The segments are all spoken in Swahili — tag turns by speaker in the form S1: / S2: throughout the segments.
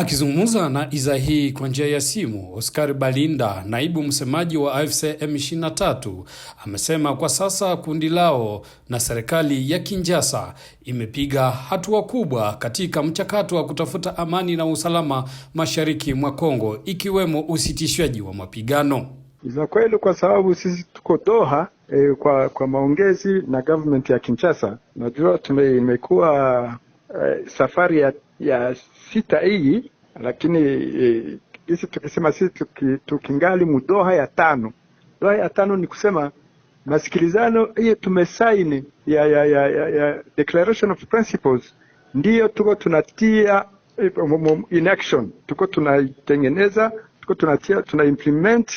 S1: Akizungumza na iza hii kwa njia ya simu, Oscar Balinda, naibu msemaji wa AFC M23, amesema kwa sasa kundi lao na serikali ya Kinshasa imepiga hatua kubwa katika mchakato wa kutafuta amani na usalama mashariki mwa Kongo, ikiwemo usitishwaji wa mapigano.
S2: iza kweli kwa sababu sisi tuko Doha e, kwa kwa maongezi na government ya Kinshasa. Najua tume imekuwa e, safari ya ya sita hii, lakini e, hisi tukisema sisi tuki, tukingali mudoha ya tano. Doha ya tano ni kusema masikilizano hiyo tumesaini ya, ya, ya, ya, ya declaration of principles ndiyo tuko tunatia e, in action, tuko tunaitengeneza, tuko tunatia, tuna implement,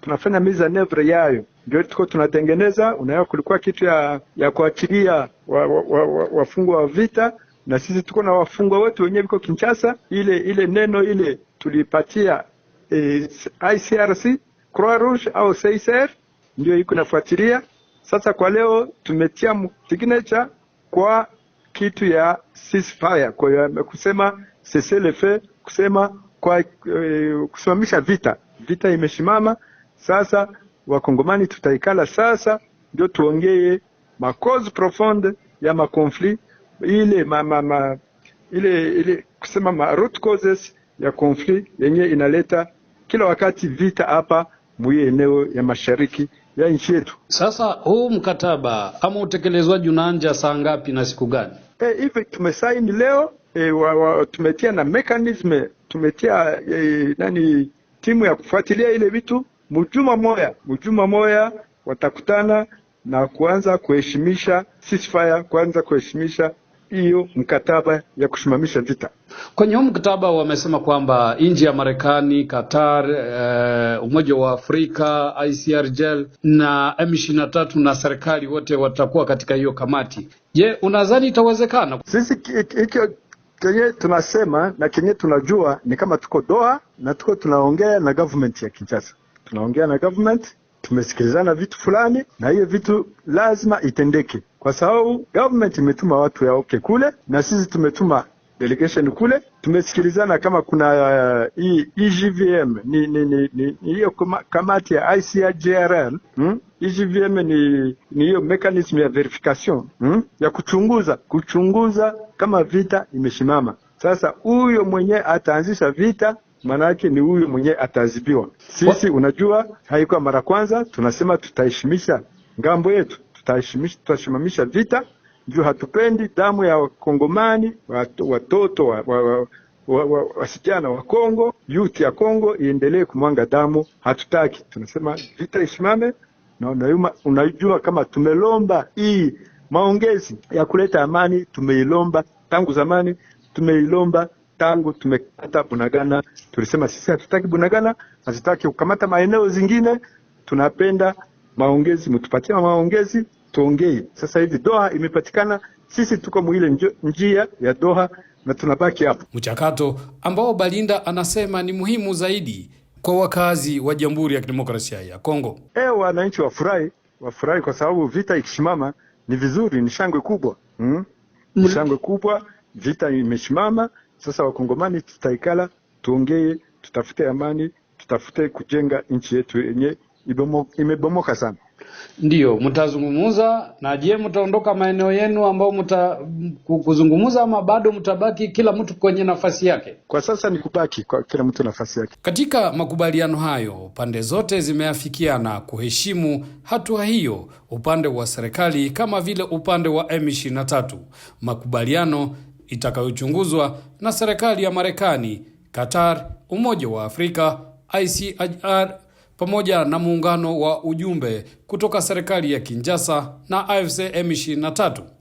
S2: tunafanya miza nevre yayo, ndio tuko tunatengeneza. Unaona, kulikuwa kitu ya, ya kuachilia wafungwa wa, wa, wa, wa vita na sisi tuko na wafungwa wetu wenyewe viko Kinshasa. Ile ile neno ile tulipatia eh, ICRC Croix Rouge au CICR ndio iko nafuatilia sasa. Kwa leo tumetia signature kwa kitu ya ceasefire, kwa hiyo kusema cessez le feu, kusema kwa eh, kusimamisha vita. Vita imeshimama sasa, wakongomani tutaikala sasa, ndio tuongee makozi profonde ya makonflit ile ma, ma, ma, ile ile kusema ma root causes ya conflict yenye inaleta kila wakati vita hapa mwiye eneo ya mashariki ya nchi yetu.
S1: Sasa huu mkataba ama utekelezwaji unaanja saa ngapi na siku gani?
S2: Eh, hivi tumesaini leo e, wa, wa, tumetia na mechanism tumetia e, nani timu ya kufuatilia ile vitu mjuma moya mjuma moya watakutana na kuanza kuheshimisha ceasefire, kuanza kuheshimisha hiyo mkataba ya kusimamisha vita.
S1: Kwenye huu mkataba wamesema kwamba nchi ya Marekani, Qatar, e, Umoja wa Afrika, ICRJ na M23 na serikali wote watakuwa katika hiyo kamati. Je, unadhani itawezekana?
S2: Sisi hicho kenye tunasema na kenye tunajua ni kama tuko Doha na tuko tunaongea na government ya Kinshasa, tunaongea na government, tumesikilizana vitu fulani, na hiyo vitu lazima itendeke kwa sababu government imetuma watu yaoke kule na sisi tumetuma delegation kule, tumesikilizana kama kuna uh, EGVM ni ni ni ni, ni, hiyo kamati ya ICJRL hmm? EGVM ni ni hiyo mechanism ya verification hmm? ya kuchunguza kuchunguza kama vita imeshimama Sasa huyo mwenye ataanzisha vita maanake ni huyo mwenye ataadhibiwa. Sisi Unajua, haikuwa mara kwanza tunasema tutaheshimisha ngambo yetu tutasimamisha vita juu hatupendi damu ya Wakongomani, watoto wa, wa, wa, wa, wa, wasichana wa Kongo, yuti ya Kongo iendelee kumwanga damu, hatutaki. Tunasema vita isimame, na unayuma, unajua kama tumelomba hii maongezi ya kuleta amani, tumeilomba tangu zamani, tumeilomba tangu tumekata Bunagana. Tulisema sisi hatutaki Bunagana, hatutaki kukamata maeneo zingine, tunapenda maongezi, mtupatie maongezi tuongee. sasa hivi. Doha imepatikana, sisi tuko mwile njia ya Doha na tunabaki hapo,
S1: mchakato ambao Balinda anasema ni muhimu zaidi kwa wakazi wa Jamhuri ya Kidemokrasia ya Kongo.
S2: E, wananchi wafurahi, wafurahi kwa sababu vita ikisimama ni vizuri, ni shangwe kubwa hmm? mm? Ni shangwe kubwa, vita imesimama sasa. Wakongomani tutaikala, tuongee, tutafute amani, tutafute kujenga nchi yetu yenye imebomoka sana.
S1: Ndiyo, mtazungumuza na je, mtaondoka maeneo yenu ambao mta kuzungumuza ama bado mtabaki kila mtu kwenye nafasi yake?
S2: Kwa sasa ni kubaki kwa kila mtu nafasi yake.
S1: Katika makubaliano hayo, pande zote zimeafikiana kuheshimu hatua hiyo, upande wa serikali kama vile upande wa M23. Makubaliano itakayochunguzwa na serikali ya Marekani, Qatar, Umoja wa Afrika, ICHR pamoja na muungano wa ujumbe kutoka serikali ya kinjasa na AFC M23.